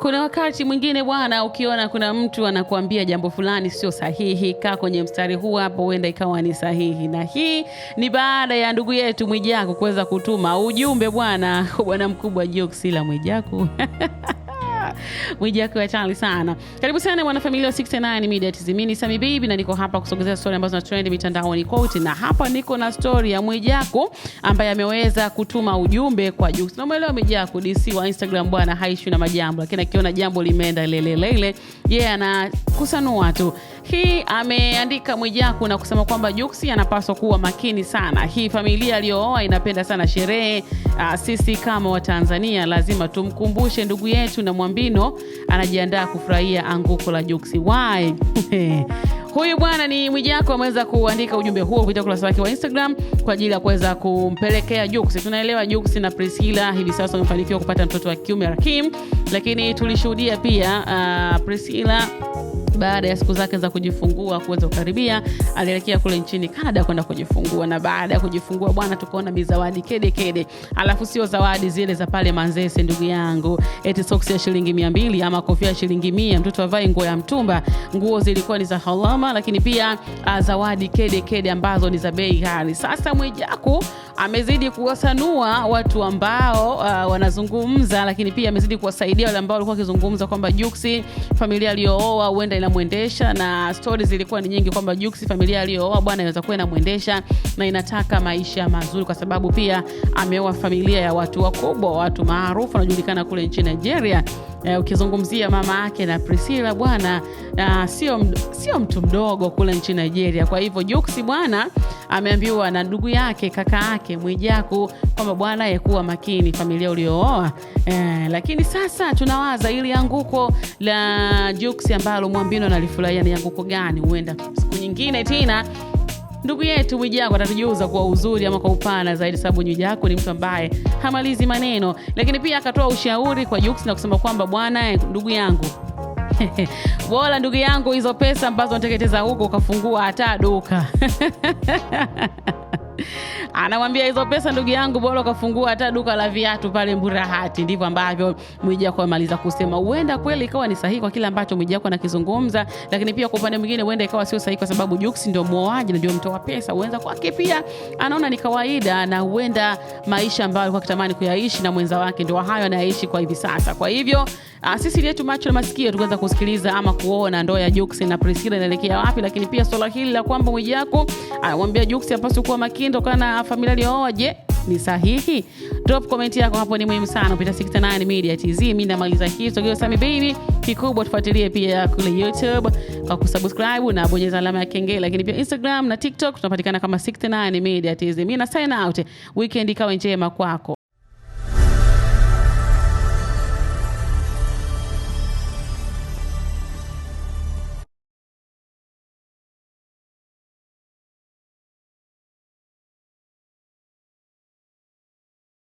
Kuna wakati mwingine bwana, ukiona kuna mtu anakuambia jambo fulani sio sahihi, kaa kwenye mstari huu hapo, huenda ikawa ni sahihi. Na hii ni baada ya ndugu yetu Mwijaku kuweza kutuma ujumbe bwana, bwana mkubwa la Mwijaku mwijaku akiwa sana. Karibu sana mwanafamilia wa 69 Media TZ. Mimi ni Sami Bibi na niko hapa kusogezea story ambazo na trend mitandaoni kote, na hapa niko na story ya Mwijaku ambaye ameweza kutuma ujumbe kwa Jux. Na umeelewa Mwijaku DC wa Instagram bwana haishwi na majambo, lakini akiona jambo limeenda lelelele yeye yeah, ana kusanua watu. Hii ameandika Mwijaku na kusema kwamba Juksi anapaswa kuwa makini sana. Hii familia aliyooa inapenda sana sherehe. Ah, sisi kama Watanzania lazima tumkumbushe ndugu yetu na Mwambino anajiandaa kufurahia anguko la Juksi. Why? Huyu bwana ni Mwijaku ameweza kuandika ujumbe huo kupitia ukurasa wake wa Instagram kwa ajili ya kuweza kumpelekea Jux. Tunaelewa Jux na Priscilla hivi sasa wamefanikiwa kupata mtoto wa kiume Rakim, lakini tulishuhudia pia uh, Priscilla baada ya siku zake za kujifungua kuweza kukaribia, alielekea kule nchini Kanada kwenda kujifungua, na baada ya kujifungua bwana, tukaona mizawadi kede kede, alafu sio zawadi zile za pale Manzese ndugu yangu, eti soksi ya shilingi mia mbili ama kofia ya shilingi mia, mtoto avae nguo ya mtumba. Nguo zilikuwa ni za halama, lakini pia ah, zawadi kede kede ambazo ni za bei ghali. Sasa Mwijaku amezidi kuwasanua watu ambao uh, wanazungumza, lakini pia amezidi kuwasaidia wale ambao walikuwa wakizungumza kwamba Juksi familia aliyooa huenda ina inamwendesha na stori zilikuwa ni nyingi kwamba juksi familia aliyooa bwana inaweza kuwa inamwendesha na inataka maisha mazuri, kwa sababu pia ameoa familia ya watu wakubwa, watu maarufu wanajulikana kule nchini Nigeria eh, ukizungumzia mama yake na Priscilla bwana, uh, sio sio mtu mdogo kule nchini Nigeria. Kwa hivyo Jux bwana ameambiwa na ndugu yake kaka yake Mwijaku kwamba bwana, yekuwa makini familia uliooa eh, lakini sasa tunawaza ili anguko la Jux ambalo Mwambino nalifurahia ni anguko gani? Huenda siku nyingine tena Ndugu yetu Mwijaku atatujuza kwa uzuri ama kwa upana zaidi, sababu Mwijaku ni mtu ambaye hamalizi maneno, lakini pia akatoa ushauri kwa Jux na kusema kwamba bwana, ndugu yangu bora ndugu yangu, hizo pesa ambazo unateketeza huko ukafungua hata duka Anamwambia hizo pesa, ndugu yangu, bora ukafungua hata duka la viatu pale Mburahati. Ndivyo ambavyo Mwijaku amaliza kusema. Huenda kweli ikawa ni sahihi kwa kile ambacho Mwijaku anakizungumza, lakini pia kwa upande mwingine huenda ikawa sio sahihi, kwa sababu Jux ndio muoaji na ndio mtoa pesa. Huenda kwake pia anaona ni kawaida, na huenda maisha ambayo alikuwa akitamani kuyaishi na mwenza wake ndio hayo anayaishi kwa hivi sasa. Kwa hivyo ah, sisi letu macho na masikio tukaweza kusikiliza ama kuona ndoa ya Jux na Priscilla inaelekea wapi, lakini pia swala hili la kwamba Mwijaku anamwambia Jux hapaswi kuwa makini kutokana familia aliyooa, je, ni sahihi? Drop comment yako hapo, ni muhimu sana upita 69 Media TZ. Mimi namaliza hii sogeo Sami Baby, kikubwa tufuatilie pia kule YouTube kwa kusubscribe na bonyeza alama ya kengele, lakini pia Instagram na TikTok tunapatikana kama 69 Media TZ. Mimi na sign out, weekend ikawe njema kwako.